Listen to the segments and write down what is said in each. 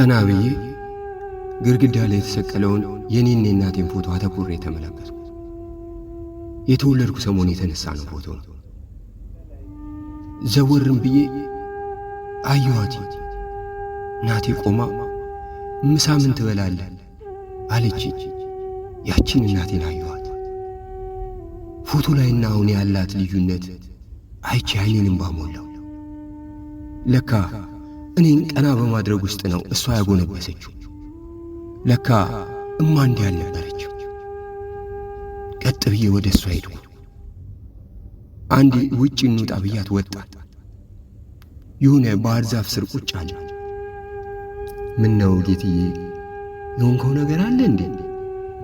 ቀና ብዬ ግድግዳ ላይ የተሰቀለውን የኔና እናቴን ፎቶ አተኩሬ የተመለከትኩ የተወለድኩ ሰሞን የተነሳ ነው ፎቶ ነው። ዘወርም ብዬ አየኋት። እናቴ ቆማ ምሳ ምን ትበላለህ አለች። ያችን እናቴን አየኋት። ፎቶ ላይና አሁን ያላት ልዩነት አይቼ አይኔንም ባሞላው ለካ እኔን ቀና በማድረግ ውስጥ ነው እሷ ያጎነበሰችው። ለካ እማ እንዲህ አልነበረችው። ቀጥ ብዬ ወደ እሷ ሄድኩ። አንዴ ውጭ እንውጣ ብያት ወጣ። የሆነ ባህር ዛፍ ስር ቁጭ አለ። ምን ነው ጌትዬ፣ የሆንከው ነገር አለ እንዴ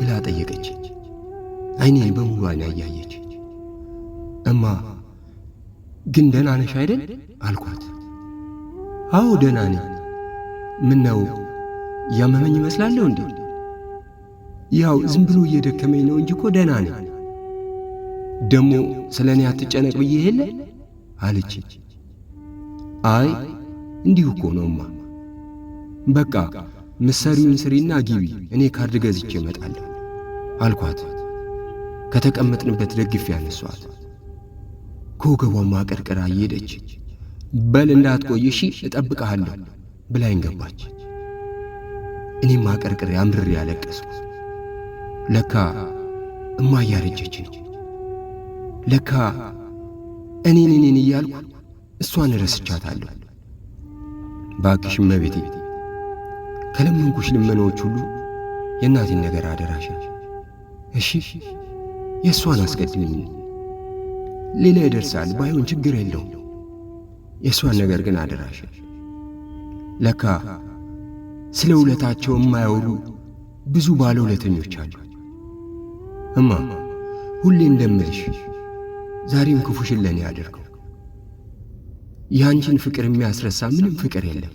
ብላ ጠየቀች። አይኔ በሙሉ በሙሏን ያያየች እማ ግን ደህና ነሽ አይደል አልኳት። አዎ ደህና ነኝ። ምን ነው ያመመኝ ይመስላለሁ እንዴ? ያው ዝም ብሎ እየደከመኝ ነው እንጂ እኮ ደህና ነኝ። ደሞ ስለ እኔ አትጨነቅ ብዬ የለ አለች። አይ እንዲሁ እኮ ነውማ። በቃ ምሰሪውን ስሪና ግቢ፣ እኔ ካርድ ገዝቼ እመጣለሁ አልኳት። ከተቀመጥንበት ደግፌ ያነሷት ከወገቧ ማቀርቅራ እየሄደች በል እንዳትቆይ እሺ እጠብቅሃለሁ ብላኝ ገባች። እኔም አቀርቅሬ አምርሬ ያለቀስኩ። ለካ እማ ነው። ለካ እኔን እኔን እያልኩ እሷን እረስቻታለሁ። ባክሽ እመቤቴ ከለመንኩሽ ልመናዎች ሁሉ የእናቴን ነገር አደራሽ እሺ። የእሷን አስቀድሚኝ። ሌላ ይደርሳል፣ ባይሆን ችግር የለውም። የእሷን ነገር ግን አደራሽ። ለካ ስለ ውለታቸው የማያወሩ ብዙ ባለ ውለተኞች አሉ። እማ ሁሌ እንደምልሽ ዛሬም ክፉሽን ለእኔ አድርገው። የአንቺን ፍቅር የሚያስረሳ ምንም ፍቅር የለም።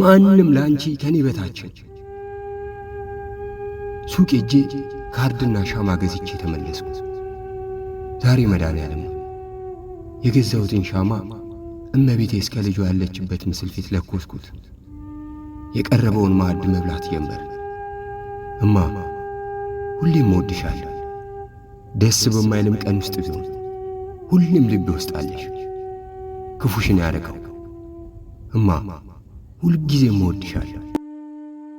ማንም ለአንቺ ከኔ በታችን። ሱቅ እጄ ካርድና ሻማ ገዝቼ ተመለስኩ። ዛሬ መድኃኔዓለም የገዛሁትን ሻማ እመቤቴ እስከ ልጇ ያለችበት ምስል ፊት ለኮስኩት። የቀረበውን ማዕድ መብላት ጀመር። እማ ሁሌም እወድሻለሁ። ደስ በማይልም ቀን ውስጥ ቢሆን ሁሌም ልቤ ውስጥ አለሽ። ክፉሽን ያደረገው እማ ሁልጊዜም እወድሻለሁ።